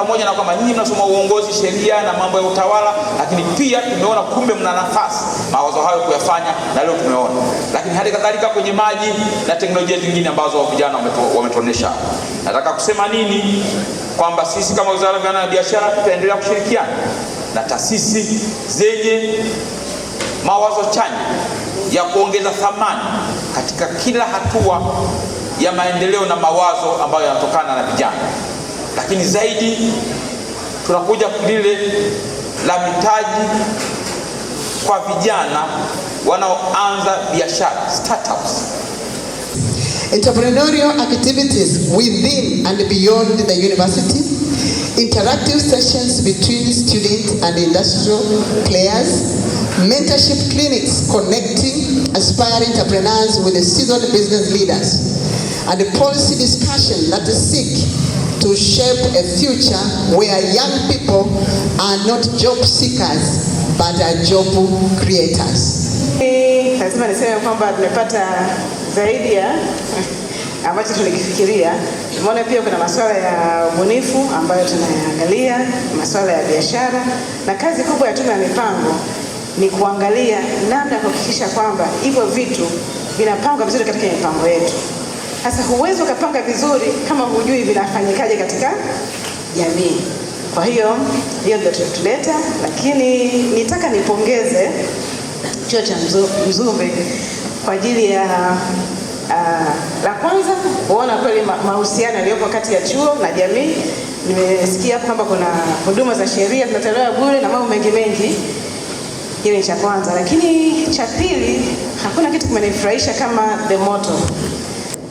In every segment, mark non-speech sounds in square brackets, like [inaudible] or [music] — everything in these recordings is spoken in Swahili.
Pamoja na kwamba nyinyi mnasoma uongozi, sheria na mambo ya utawala, lakini pia tumeona kumbe mna nafasi mawazo hayo kuyafanya, na leo tumeona, lakini hadi kadhalika kwenye maji na teknolojia zingine ambazo vijana wametuonesha. Nataka kusema nini? Kwamba sisi kama Wizara ya Viwanda na Biashara tutaendelea kushirikiana na taasisi zenye mawazo chanya ya kuongeza thamani katika kila hatua ya maendeleo na mawazo ambayo yanatokana na vijana. Lakini zaidi tunakuja lile la mitaji kwa vijana wanaoanza biashara startups. Entrepreneurial activities within and beyond the university, interactive sessions between student and industrial players, mentorship clinics connecting aspiring entrepreneurs with the seasoned business leaders, and a policy discussion that seek to shape a future where young people are not job seekers but are job creators. Lazima niseme kwamba tumepata zaidi ya [laughs] ambacho tulikifikiria. Tumeona pia kuna masuala ya ubunifu ambayo tunayaangalia, masuala ya biashara, na kazi kubwa ya Tume ya Mipango ni kuangalia namna ya kuhakikisha kwamba hivyo vitu vinapangwa vizuri katika mipango yetu. Sasa huwezi ukapanga vizuri kama hujui vinafanyikaje katika jamii. Kwa hiyo hiyo ndio tuleta, lakini nitaka nipongeze chuo cha Mzumbe kwa ajili ya uh, la kwanza kuona kweli mahusiano yaliyopo kati ya chuo na jamii. Nimesikia kwamba kuna huduma za sheria zinatolewa bure na mambo mengi mengi. Hiyo ni cha kwanza, lakini cha pili, hakuna kitu kimenifurahisha kama the motto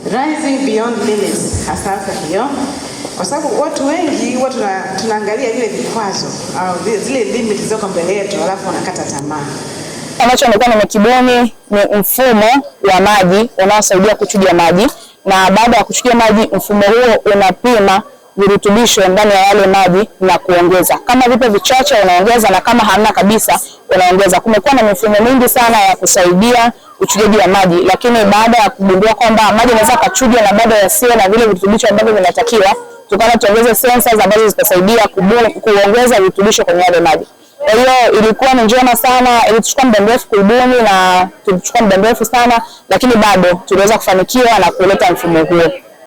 Rising beyond limits hasa hiyo, kwa sababu watu wengi huwa tunaangalia vile vikwazo au zile limit zilizoko mbele yetu, alafu wanakata tamaa. Ambacho nilikuwa nimekibuni ni mfumo wa maji unaosaidia kuchuja maji, na baada ya kuchuja maji, mfumo huo unapima virutubisho ndani ya yale maji na kuongeza, kama vipo vichache unaongeza, na kama hamna kabisa unaongeza. Kumekuwa na mifumo mingi sana ya kusaidia uchujaji wa maji, lakini baada ya kugundua kwamba maji yanaweza kachuja na bado yasiwe na vile virutubisho ambavyo vinatakiwa, tukaona tuongeze sensors ambazo zitasaidia kuongeza virutubisho kwenye yale maji. Kwa hiyo ilikuwa ni njema sana, ilichukua muda mrefu kuibuni na tulichukua muda mrefu sana, lakini bado tuliweza kufanikiwa na kuleta mfumo huo.